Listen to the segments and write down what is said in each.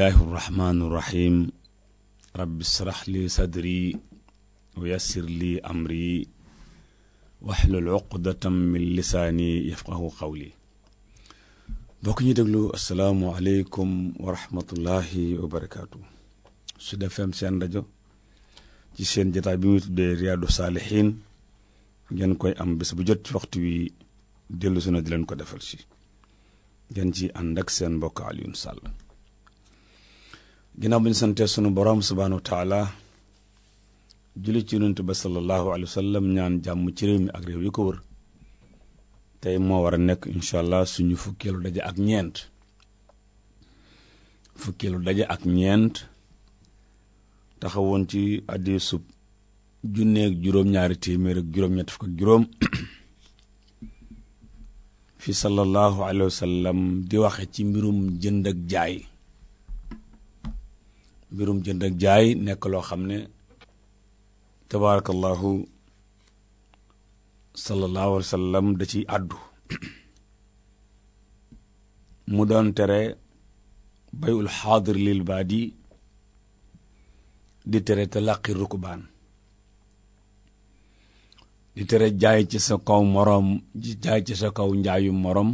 bismillahi irrahmani irrahim rabbi israh li sadri wa yassir li amri waxlul uqdatam ñu déglu asalaamu aleykum wa seen rajo ci seen jataay bi muy tuddee Riyaadu Saalihiin ngeen koy am bés bu jot ci waxtu wi dellu suna di leen ko defal si ngeen ci ànd ak seen mbokk Alioune Sall ginnaaw bu ñu santee sunu borom subhaanahu wa taala julli ci yonent ba sallallahu alayhi wa sallam ñaan jàmm ci réew mi ak réew yi ko wër tey moo war a nekk incha allah suñu fukkeelu daje ak ñeent fukkeelu daje ak ñeent taxawoon ci addi sub junneeg juróom-ñaari téeméer ak juróom-ñett fukk juróom fi sallallahu alayhi wa di waxe ci mbirum jënd ak jaay mbirum jënd ak jaay nekk loo xam ne tabaarakallahu sallallahu alayhi wa sallam da ci àddu mu doon tere bayul xaadir lil baadi di tere te làqi rukbaan di tere jaay ci sa kaw moroom jaay ci sa kaw njaayu moroom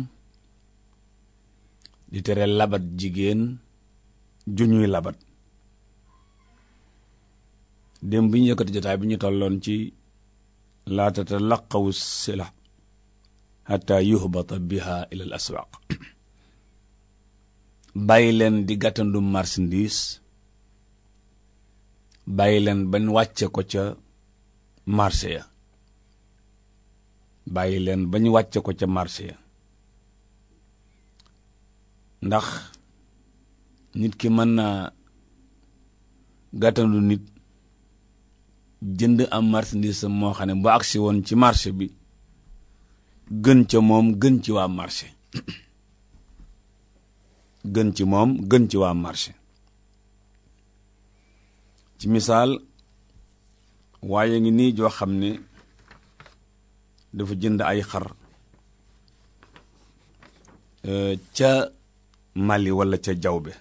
di tere labat jigéen ju ñuy labat démb bi ñu yëkkati jotaay bi ñu tolloon ci laa tatalaqawu sila xata yuhbata biha ila al aswaq di gàttandu marchandise bàyyi leen bañ wàccee ko ca marché ya bàyyi leen bañ wàcce ko ca marché ya ndax nit ki mën na gàttandu nit jënd am marchandise moo xam ne bu agsi woon ci marché bi gën ca moom gën ci waa marché gën ci moom gën ci waa marché ci misaal waaye ngi nii joo xam ne dafa jënd ay xar e, ca Mali walla ca jawbe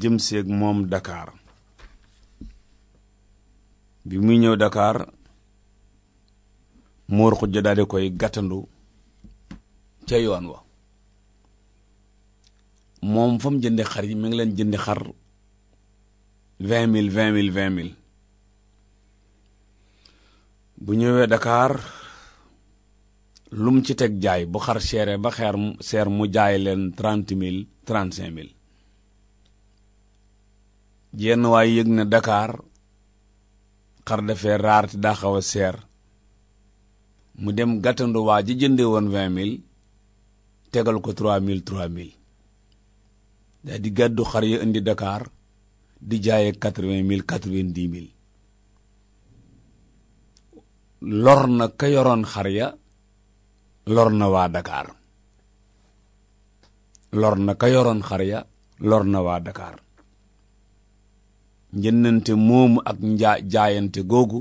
jëm seeg moom Dakar bi muy ñëw Dakar Mor Khoudia daal di koy gàttandu ca yoon wa moom fa mu jënde xar yi mi ngi leen jëndi xar vingt mille vingt mille vingt mille bu ñëwee dakaar lu mu ci teg jaay bu xar seere ba xeer seer mu jaay leen trente mille trente cinq mille jenn waay yëg na Dakar xar dafee raar te daa xaw a seer mu dem gàttandu waa ji jënde woon vingt mille tegal ko trois mille trois mille daa di gàddu xar ya indi Dakar di jaaye quatre mille quatre-vingt-dix mille lor na ka yoroon xar ya lor na waa Dakar lor na ka yoroon xar ya lor na waa Dakar njëndante moomu ak njaa jaayante googu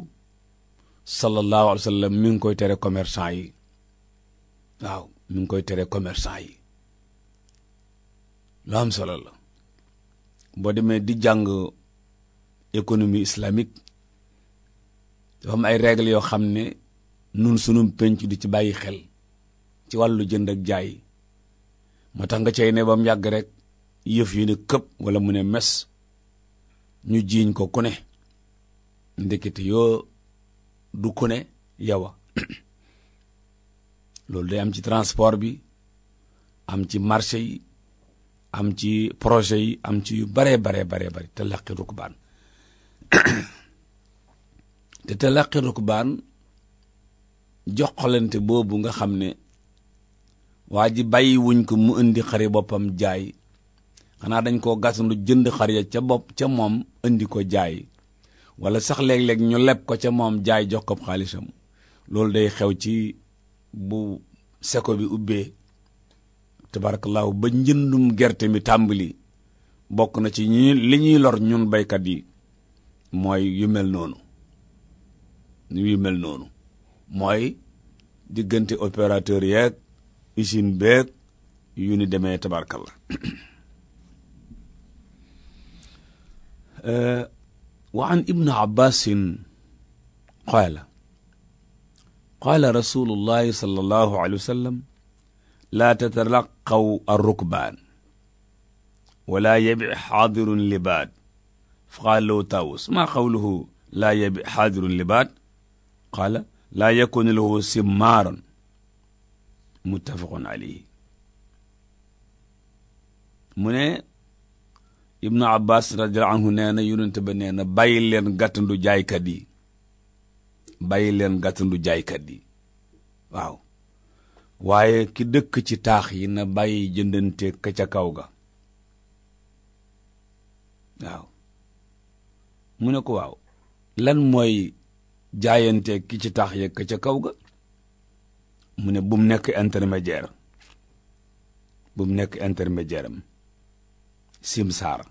sallallahu alayhi wa sallam mi ngi koy tere commerçant yi waaw mu ngi koy tere commerçant yi lu am solo la boo demee di jàng économie islamique dafa am ay règles yoo xam ne nun sunu penc du ci bàyyi xel ci wàllu jënd ak jaay moo tax nga cay ne ba mu yàgg rek yëf yi ne këpp wala mu ne mes ñu jiiñ ko ku ne ndekete yoo du ku ne yawa loolu day am ci transport bi am ci marché yi am ci projet yi am ci yu baree baree baree bari te laqi rukbaan te te laqi rukbaan joxalante boobu nga xam ne waa ji bàyyi ko mu indi xari boppam jaay xanaa dañ koo gasandu jënd xar ca bopp ca moom indi ko jaay wala sax léeg-léeg ñu leb ko ca moom jaay jox ko xaalisam loolu day xew ci bu seko bi ubbee tabarakallahu ba njëndum gerte mi tàmbali bokk na ci ñi li ñuy lor ñun baykat yi mooy yu mel noonu yu mel noonu mooy diggante opérateur yeeg usine beeg yu ni demee tabarkalla وعن ابن عباس قال قال رسول الله صلى الله عليه وسلم لا تتلقوا الركبان ولا يبع حاضر لباد فقال له طاووس ما قوله لا يبع حاضر لباد قال لا يكون له سمار متفق عليه mu ne ibnu abbas radiyallahu anhu nee na yonent ba neena na bàyyi leen gàttandu jaaykat yi bàyyi leen gàttandu jaaykat yi waaw waaye ki dëkk ci taax yi na bàyyi jëndante ka ca kaw ga waaw mu ne ko waaw lan mooy jaayante ki ci taax ya ka ca kaw ga mu ne bu mu nekk intermédiaire bu nekk intermédiaire am simsaar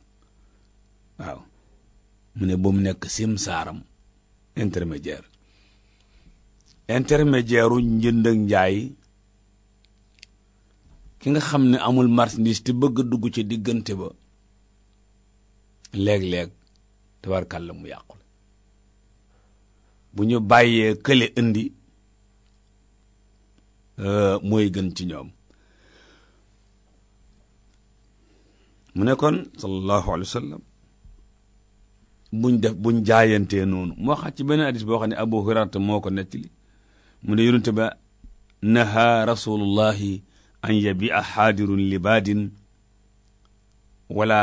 waaw mu ne ba mu nekk simsaaram intermédiaire intermédiaire u njënd ak njaay ki nga xam ne amul marchandise te bëgg dugg ci diggante ba léeg-léeg tabarkàlla mu yàqul bu ñu bàyyee kële indi euh, mooy gën ci ñoom mu ne kon sallallahu alayhi wa buñ def buñ jaayantee noonu mu waxaat ci beneen hadis boo xam ne abu hurairata moo ko nettali mu ne yonente ba naha rasulullahi an yabia xaadirun libaadin wala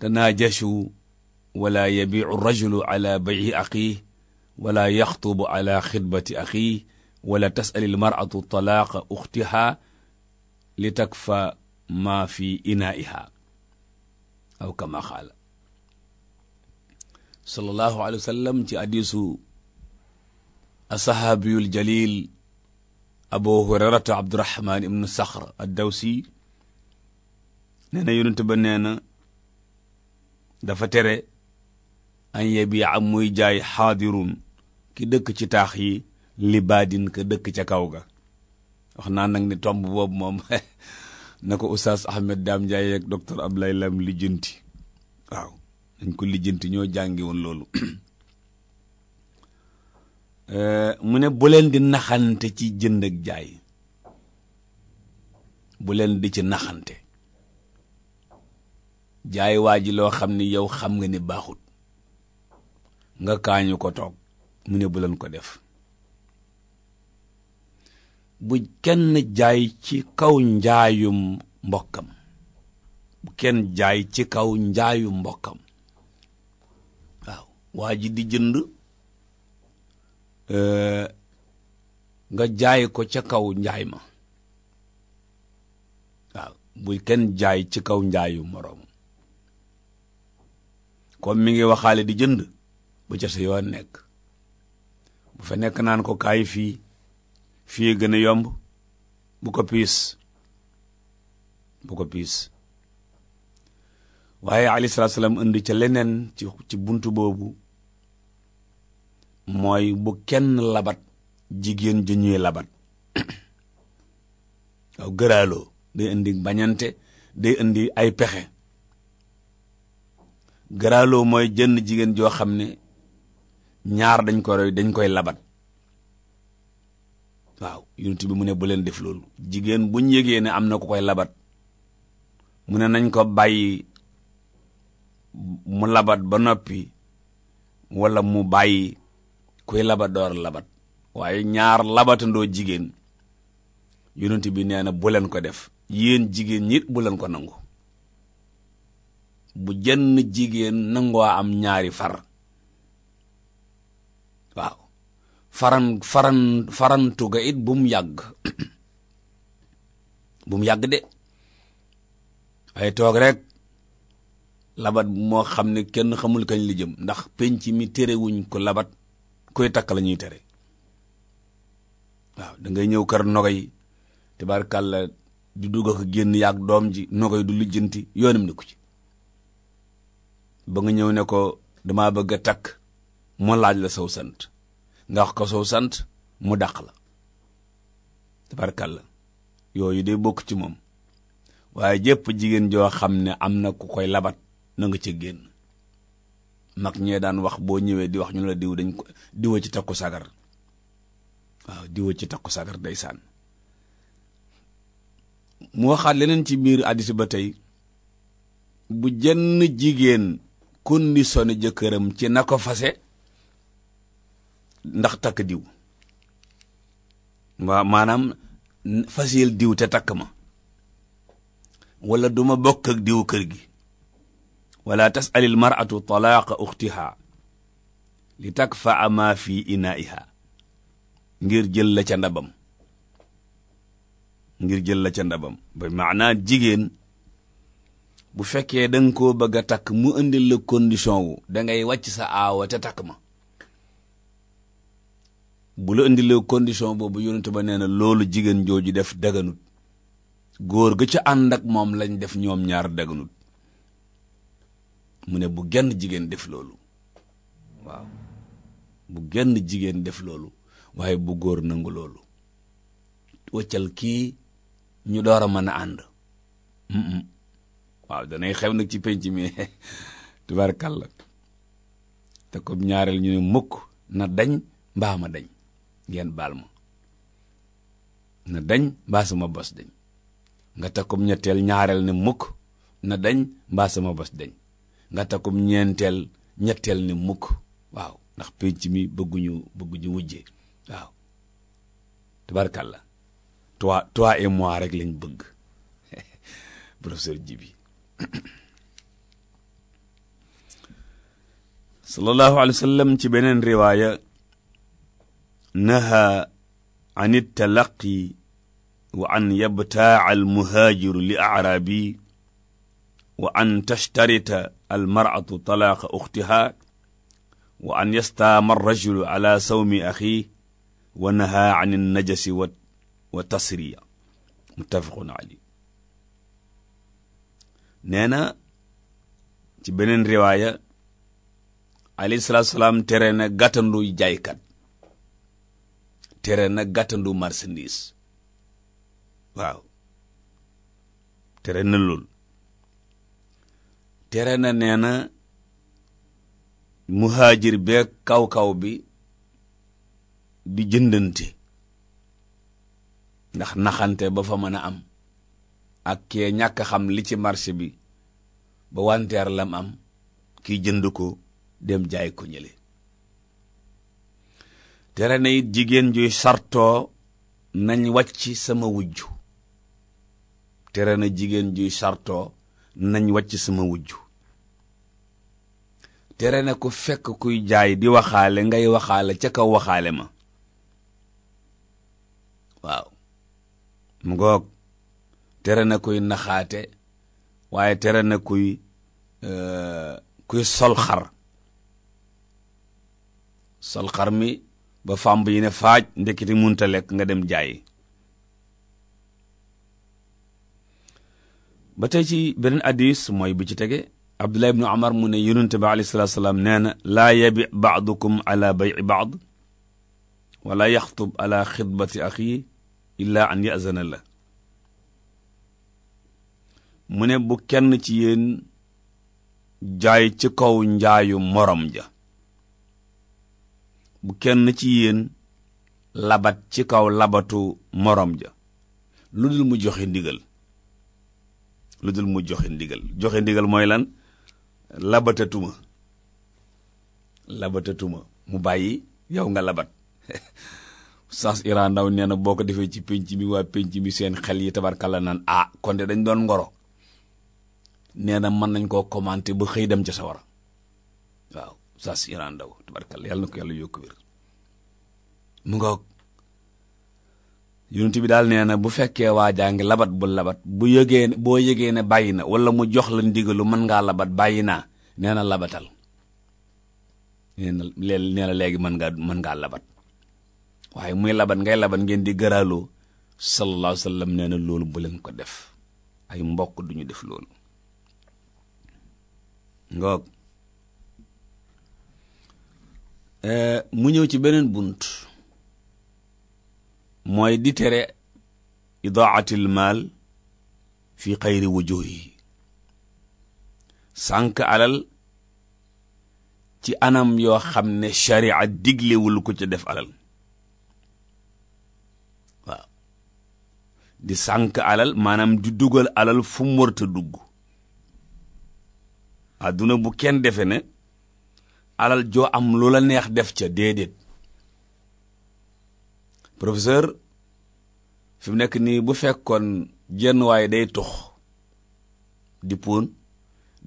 tanaajashu wala yabiu rajulu ala bayi aqih wala yaxtubu ala xitbati axih wala tasali lmaratu talaaqa uxtiha li takfa ma fi inaiha aw kama xaala sallallahu alayhi wa sallam ci hadisu asahaabiyul jalil abu hurayrata abdurahman ibnu saxr addawsi nee na yonent ba nee na dafa tere an yebi am muy jaay xaadirun ki dëkk ci taax yi li baadin ka dëkk ca kaw ga wax naa nag ni tomb boobu moom na ko oustaz ahmed daam njaay ak docteur abdoulaye lam lijjanti waaw ko lijjanti ñoo jàngi loolu euh, mu ne bu leen di naxante ci jënd ak jaay bu leen di ci naxante jaay waa ji loo xam ni yow xam nga ni baaxut nga kaañu ko toog mu ne bu leen ko def bu kenn jaay ci kaw njaayum mbokkam bu kenn jaay ci kaw njaayu mbokkam waa ji di jënd euh, nga jaay ko ca kaw njaay ma waaw bu kenn jaay ci kaw njaayu moroom kon mi ngi waxaale di jënd ba ca sa yoon nekk bu fa nekk naan ko kaay fii fii gën a yomb bu ko piis bu ko piis waaye alayhi salaam indi ca leneen ci ci boobu mooy bu kenn labat jigéen ju ñuy labat waaw gëraaloo day indi bañante day indi ay pexe gëraaloo mooy jënn jigéen joo xam ne ñaar dañ ko roy dañ koy labat waaw yonent bi mu ne bu leen def loolu jigéen buñ yëgee ne am na ku koy labat mu ne nañ ko bàyyi mu labat ba noppi walla mu bàyyi kuy labat door labat waaye ñaar labatandoo jigéen yonent bi nee na bu leen ko def yéen jigéen ñi bu leen ko nangu bu jenn jigéen nangoo am ñaari far waaw faran faran farantu it bu mu yàgg bu yàgg de waaye toog rek labat moo xam ne kenn xamul kañ li jëm ndax penc mi terewuñ ko labat koy takk la ñuy tere waaw da ñëw kër nogay tabaarkàlla di dugg ak génn yaag doom ji nogay du lijjanti yoonam ne ku ci ba nga ñëw ne ko damaa bëgg a takk mu laaj la saw sant nga ko saw sant mu dàq la tabaarkàlla yooyu de bokk ci moom waaye jëpp jigéen joo xam ne am na ku koy labat na nga ca génn mag ñee daan wax boo ñëwee di wax ñu la diw dañ ko diwa ci takku sagar waaw diwa ci takku sagar ndeysaan mu waxaat leneen ci biir hadiis ba tey bu jenn jigéen conditionné jëkkëram ci na ko fase ndax takk diw waaw maanaam fasiyel diw te takk ma wala duma bokk ak diw kër gi wala tas'al al mar'atu talaaqa uxtiha li takfaa ma fi inaiha ngir jël la ca ndabam ngir jël la ca ndabam ba maanaa jigéen bu fekkee da ko koo bëgg a takk mu indi la condition dangay wàcc sa aawa ca takk ma bu la indil la condition boobu yonent ba nee na loolu jigéen jooju def daganut góor ga ca ànd ak moom lañ def ñoom ñaar daganut mu ne bu genn jigéen def loolu waaw bu genn jigéen def loolu waaye bu góor nangu loolu wëccal kii ñu door a mën a ànd waaw danay xew nag ci penc mi tubaarkàlla te ko ñaareel ñu ne mukk na dañ mbaa ma dañ ngeen baal ma na dañ mbaa sama bos dañ nga te ko ñetteel ñaareel ne mukk na dañ mbaa sama bos dañ nga takum ñeenteel ñetteel ni mukk waaw ndax pénc mi bëgguñu bëgguñu wujje waaw tabarkàlla toi toi et moi rek lañ bëgg professeur Djibi sallallahu alayhi sallam ci beneen riwaaya naha an ittalaqi wa an yabtaa almuhaajiru li aarabi wa an tashtarita almaratu talaaqa uxtihaa wa yastaama arrajulu ala sawmi axii wa nahaa an wa tasriya muttafaqun ali nee na ci beneen riwaaya alayhi salaatu salaam tere na gàttandu jaaykat tere na gàttandu marchandise waaw tere na tere na nee na muhaajir beeg kaw-kaw bi di jëndante ndax naxante ba fa mën a am ak kee ñàkk xam li ci marché bi ba wanteer lam am ki jënd ko dem jaay ko ñële tere na it jigéen juy sartoo nañ wàcc sama wujj tere na jigéen juy sartoo nañ wàcc sama wujj tere na ku fekk kuy jaay di waxaale ngay waxaale ca kaw waxaale ma waaw mu ngoog tere na kuy naxaate waaye tere na kuy euh, kuy sol xar sol xar mi ba fàmb yi ne faaj ndekiti munta lekk nga dem jaay ba tey ci beneen hadiis mooy bi ci tege abdullah ibnu amar mu ne yonente ba alayhi salaam nee na laa yabi baadukum ala bayi baad wala yaxtub ala xitbati axi illa an yazana la mu ne bu kenn ci yéen jaay ci kaw njaayu morom ja bu kenn ci yéen labat ci kaw labatu morom ja lu dul mu joxe ndigal lu dul mu joxe ndigal joxe ndigal mooy lan labatatuma labatatuma mu bàyyi yow nga labat sas iran ndaw nee na boo ko defee ci penc mi waa penc mi seen xel yi tabarkalla naan ah kon de dañ doon ngoro nee na mën nañ koo commenté ba xëy dem ca sa wara waaw sas iran ndaw tabarkalla yàlla na ko yàlla yokk wér mu ngoog yonent bi daal nee na bu fekkee waa ngi labat bu labat bu yëgee boo yëgee ne bàyyi na wala mu jox la ndigalu mën ngaa labat bàyyi naa nee na labatal nee na léegi mën ngaa mën ngaa labat waaye muy labat ngay labat ngeen di gëraaloo sallallahu alayhi wa sallam nee na loolu bu leen ko def ay mbokk duñu def loolu ngoog eh, mu ñëw ci beneen bunt mooy di tere idaatil maal fi xayri wujuhi sànq alal ci anam yoo xam ne sharia diglewul ko ca def alal di sànq alal maanaam di dugal alal fu mu dugg àdduna bu kenn defe ne alal joo am lu la neex def ca déedéet professeur fi mu nekk nii bu fekkoon jenn waaye day tux di póon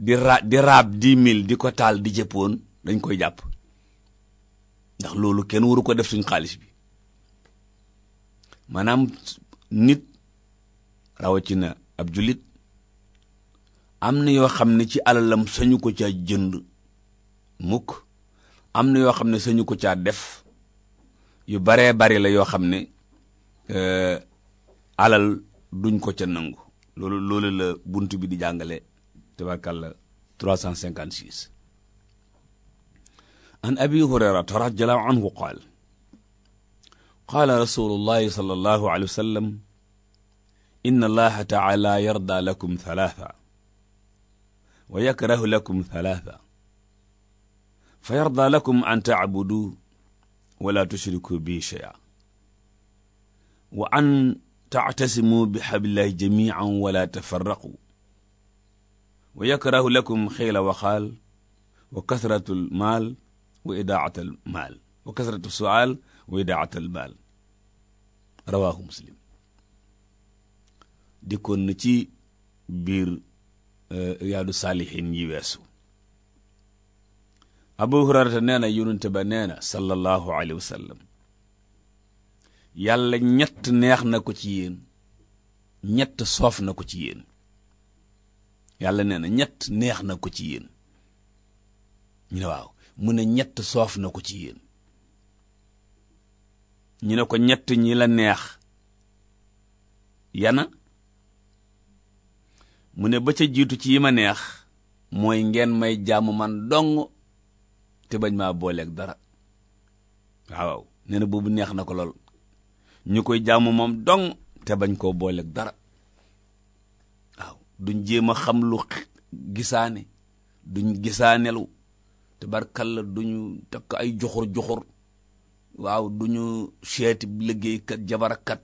di ra di raab di ko taal di jëppoon dañ koy jàpp ndax loolu kenn waru ko def suñ xaalis bi maanaam nit rawatina ab jullit am na yoo xam ne ci alalam sañu ko caa jënd mukk am na yoo xam ne sañu ko caa def yu baree bari la yoo xam ne euh, alal duñ ko ca nangu loolu loolu la bunt bi di jàngale tabarkàlla 356 an abi hurayrata radiallahu anhu qaal qaala rasulullahi sallallahu alayhi wa sallam inna allaha taala yarda lakum thalatha wa lakum thalatha fa lakum an tacbuduu wala tushriku bi shay'a wa an taatasimu bi hablillahi jamian wala tafarraqu wa yakrahu lakum xiila wa xaal wa kasratu almaal wa idaat almaal wa kasratu sual wa idaat almaal rawahu muslim dikkoon na ci biir riyaadu saalihin yi weesu abu hurayrata nee na yonente ba nee na sallallahu alayhi wa yàlla ñett neex na ko ci yéen ñett soof na ko ci yéen yàlla nee na ñett neex na ko ci yéen ñu ne waaw mu ne ñett soof na ko ci yéen ñu ne ko ñett ñi la neex yana mu ne ba ca jiitu ci yi ma neex mooy ngeen may jàmm man dong te bañ maa booleeg dara waaw nee na boobu neex na ko lool ñu koy jaamu moom dong te bañ koo booleeg dara waaw duñ jéem a xam lu gisaane duñ gisaanelu te barkalla duñu takk ay joxur-joxur waaw duñu seeti liggéeykat jabarakat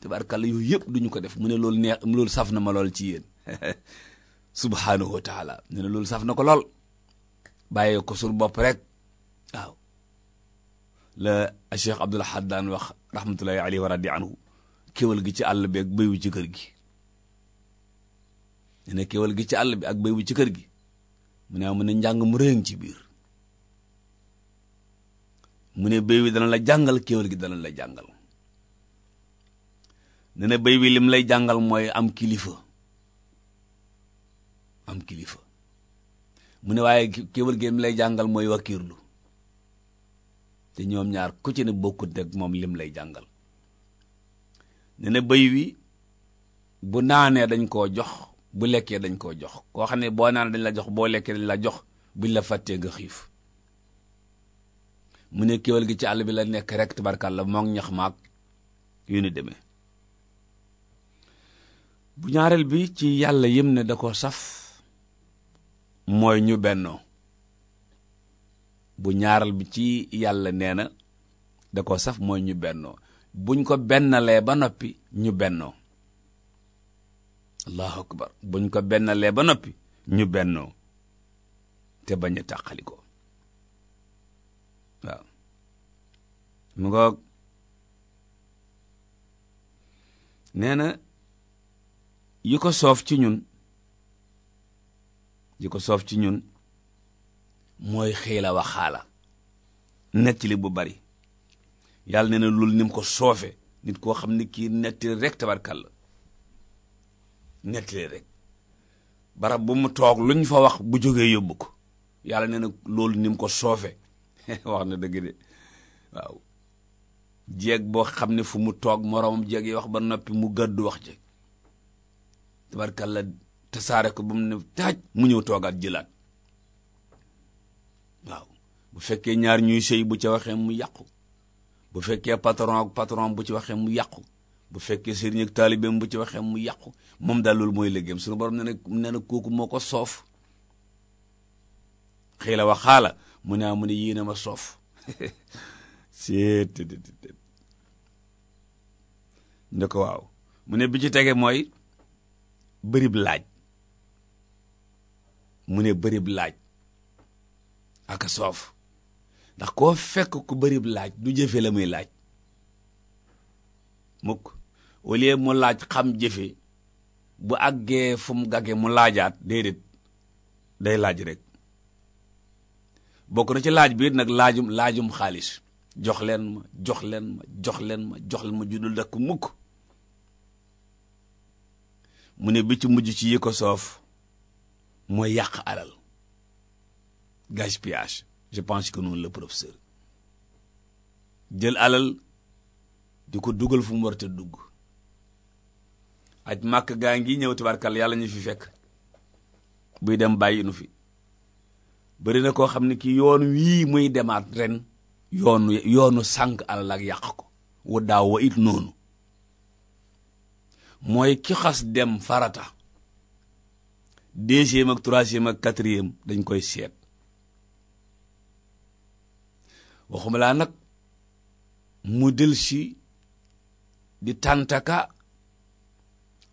te barkalla yooyu yëpp duñu ko def mu ne loolu neex loolu saf na ma lool ci yéen subhaanahu wa taala mu ne ko lool bàyyee ko suñu bopp rek la Cheikh Abdoul Ahad wax rahmatullahi alayhi wa radi anhu kéwal gi ci àll bi ak béy wu ci kër gi ne ne gi ci àll bi ak béy wu ci kër gi mu ne mu ne njàng mu rëy ci biir mu ne béy wi dana la jàngal kéwal gi dana la jàngal ne ne wi lim lay jàngal mooy am kilifa am kilifa mu ne waaye kéwal gi mu lay jàngal mooy wakiirlu te ñoom ñaar ku ci ne bokkut rek moom lim lay jàngal ne na bëy wi bu naanee dañ koo jox bu lekkee dañ koo jox koo xam ne boo naanee dañ la jox boo lekkee dañ la jox buñ la fàttee nga xiif mu ne kéwal gi ci àll bi la nekk rek tabarkàlla moog ñax maag yu ni demee bu ñaareel bi ci yàlla yëm ne da ko saf mooy ñu bennoo bu ñaaral bi ci yàlla nee na da ko saf mooy ñu bennoo buñ ko bennalee ba noppi ñu bennoo allahu akbar buñ ko bennalee ba noppi ñu bennoo te bañ a tàqali ko waaw mu ngoog nee na yi ko soof ci ñun ji ko soof ci ñun mooy xiila wa xaala nettali bu bari yàlla nee na loolu nim ko soofe nit koo xam ne kii nettali rek tabarkàlla nettali rek barab bu mu toog lu ñu fa wax bu jógee yóbbu ko yàlla nee na loolu nim ko soofe wax na dëgg de waaw jeeg boo xam ne fu mu toog moroomam jeeg yi wax ba noppi mu gàddu wax ji tabarkàlla saare ko ba mu ne taaj mu ñëw toogaat jëlaat waaw bu fekkee ñaar ñuy sëy bu ca waxee mu yàqu bu fekkee patron ak patron bu ci waxee mu yàqu bu fekkee sëriñ ak taalibeem bu ci waxee mu yàqu moom daal loolu mooy liggéeyam suñu borom nee na nee kooku moo ko soof xëy la wax xaala mu ne ah mu ne yéen a ma soof nda ko waaw mu ne bi ci tegee mooy bërib laaj mu ne bërib laaj aka soof ndax koo fekk ku bërib laaj du jëfe la muy laaj mukk au lieu mu laaj xam jëfe bu àggee fu mu gage mu laajaat déedéet day laaj rek bokk na ci laaj bi nag laajum laajum xaalis jox leen ma jox leen ma jox leen ma jox leen ma judul dakk mukk mu ne bi ci mujj ci yi ko soof mooy yàq alal gaspillage je pense que noonu la professeur jël alal di ko dugal fu mu war dugg aj màkk gaa ngi ñëw tabarkalla yàlla ñu fi fekk buy dem bàyyi nu fi bari na koo xam ne ki yoon wii muy demaat ren yoonu yoonu sànq alal ak yàq ko wa daaw wa it noonu mooy ki xas dem farata deuxième ak troisième ak quatrième dañ koy seet waxumalaa nag mu del si di tàntaka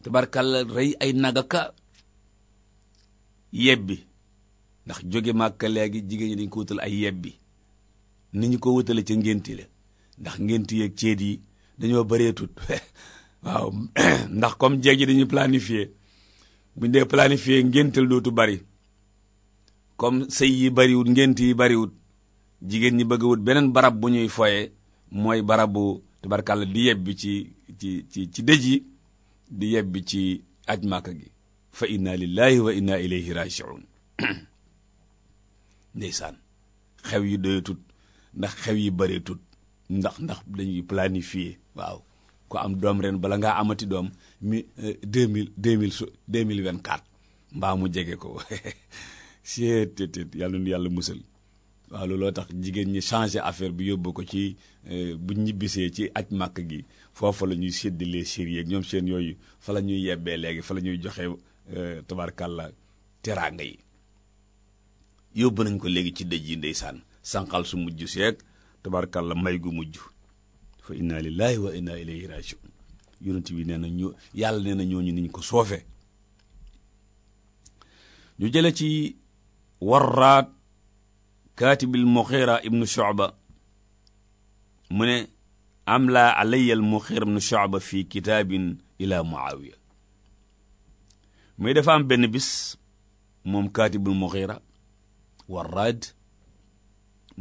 tabarkalla rey ay nagaka yebbi ndax jóge màkka léegi jigéen ñi dañ ko wutal ay yebbi ni ñu ko wutale ci ngénti la ndax ngénti yeeg ceet yi dañoo bëreetut waaw ndax comme jeeg yi dañuy planifier buñ dee planifier ngéntal dootu bari comme sëy yi bariwut ngént yi bariwut jigéen ñi bëgg wut beneen barab bu ñuy foye mooy barabu tabarkàlla di yebbi ci ci ci ci dëj yi di yebbi ci aj màkk gi fa inna lillahi wa inna ilayhi raji'un ndeysaan xew yi doyatut ndax xew yi bareetut ndax ndax dañuy planifier waaw ku am doom ren bala ngaa amati doom mi eh, deux mille deux mille deux mille vingt quatre mbaa mu jege ko seet yàlla nu yàlla musal waaw looloo tax jigéen ñi changé affaire bi yóbbu ko ci eh, bu ñibbisee ci aj màkk gi foofu lañuy ñuy séddalee série ak ñoom seen yooyu fa la ñuy yebbee léegi fa la ñuy joxe eh, tabarkàlla teraanga yi yóbbu nañ ko léegi ci dëj yi ndeysaan sànqal su mujj seeg tabarkàlla may gu mujj fa inna lillahi wa inna ilayhi rajiun yonent bi nee na ñoo yàlla nee na ñooñu niñ ko soofe ñu jële ci warraat kaatibil muxiira ibnu shuba mu ne am laa alayya al muxiira ibnu shuba fi kitaabin ila muawiya muy dafa am benn bis moom kaatibul muxiira warraad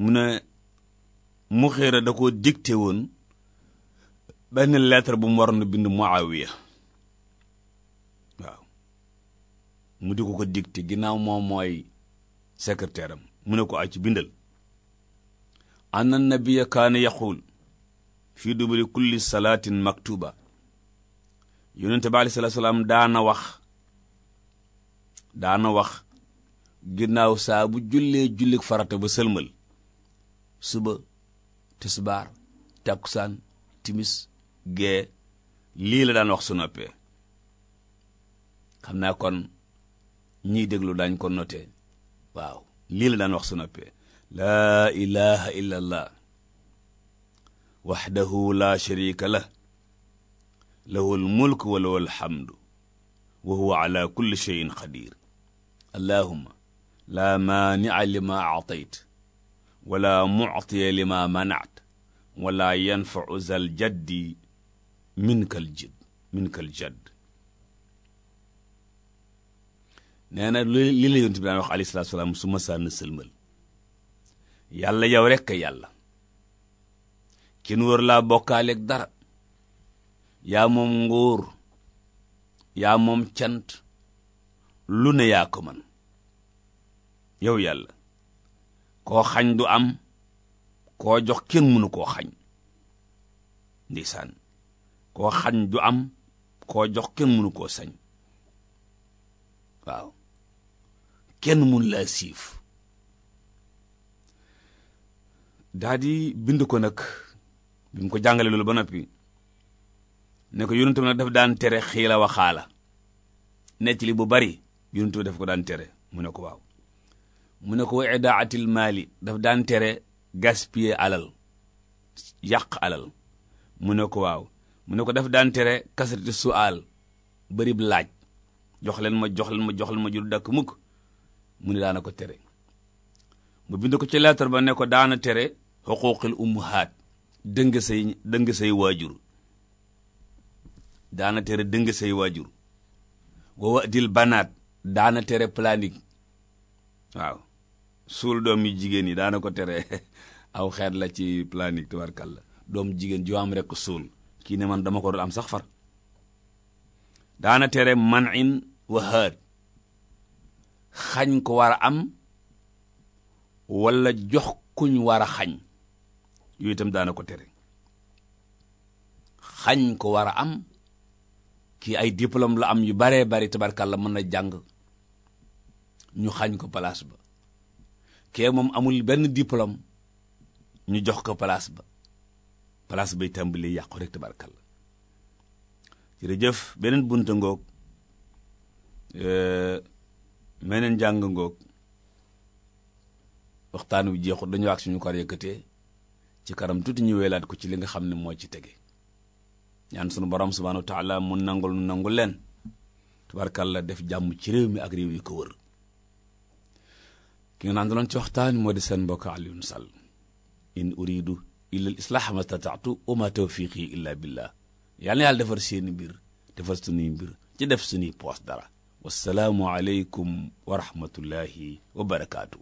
mu ne muxiira da ko dicté woon benn lettre bu mu waroon a bind Muawiya waaw mu di ko ko dicté ginnaaw moom mooy secrétaire am mu ne ko ay ci bindal anna nabiyya kaana yaqul fii duburi kulli salaatin maktuba yonente bi aleyhi salaatu salaam daana wax daana wax ginnaaw saa bu jullee jullik farata ba sëlmal suba tisbaar takkusaan timis gee lii la daan wax su noppee xam naa kon ñiy déglu daañ ko noté waaw la daan wax su noppee laa ilaha illa allah waxdahu la sharika lah lahu almulk wa lahu alhamdu wa huwa ala kulli sheyin qadir allahuma laa maanica lima actayt wala muctiya lima manact wala yanfacu zal jaddi minkal jid minkal nee na li la yonent bi daan wax alayhi salaam su ma sànn sëlmal yàlla yow rekk yàlla kin wër laa bokkaaleeg dara yaa moom nguur yaa moom cant lu ne yaa ko man yow yàlla koo xañ du am koo jox kenn mënu koo xañ ndeysaan koo xañ du am koo jox kenn mënu koo sañ waaw kenn mun siif daa bind ko nag bi mu ko jàngale loolu ba noppi ne ko yonent bi nag daf daan tere xiila waxaala nekk li bu bari yonent bi daf ko daan tere mu ne ko waaw mu ne ko idaatil maali daf daan tere gaspiller alal yàq alal mu ne ko waaw mu ne ko daf daan tere kasratu su'aal bërib laaj jox leen ma joxleen ma jox ma jur dakk mukk mu ne daana ko tere mu bind ko ci lettre ba ne ko daana tere xuquuqil ummahaat dëng say dëng say waajur daana tere dëng say waajur wa wa'dil banaat daana tere planning waaw suul doom yu jigéen yi daana ko tere aw xeet la ci planning tubarkalla doom jigéen ju am rekk suul kii ne man dama ko dul am sax far daana tere man in wa haad xañ ko war a am walla jox kuñ war a xañ yooyu itam daana ko tere xañ ko war a am kii ay diplôme la am yu baree bari tabarkàlla mën na jàng ñu xañ ko palaas ba kee moom amul benn diplôme ñu jox ko palaas ba place bay tàmbali yàqu rek tabarkalla jërëjëf beneen bunt ngoog euh, meneen jàng ngoog waxtaan wi jeexut dañu ak suñu kor yëkkatee ci karam tuuti ñu weelaat ko ci li nga xam ne moo ci tege ñaan sunu borom subhaanahu wa taala mu nangul nu nangul leen tabarkalla def jàmm ci réew mi ak réew yi ko wër ki nga naan doon ci waxtaan moo di seen mbokk Alioune Sall in uridu illal islaaha mastataatu wa ma tawfiqi illa billah yal na yàlla defar seeni mbir defar sunuy mbir ci def sunuy poos dara wasalaamu aleykum wa rahmatullahi wa barakaatu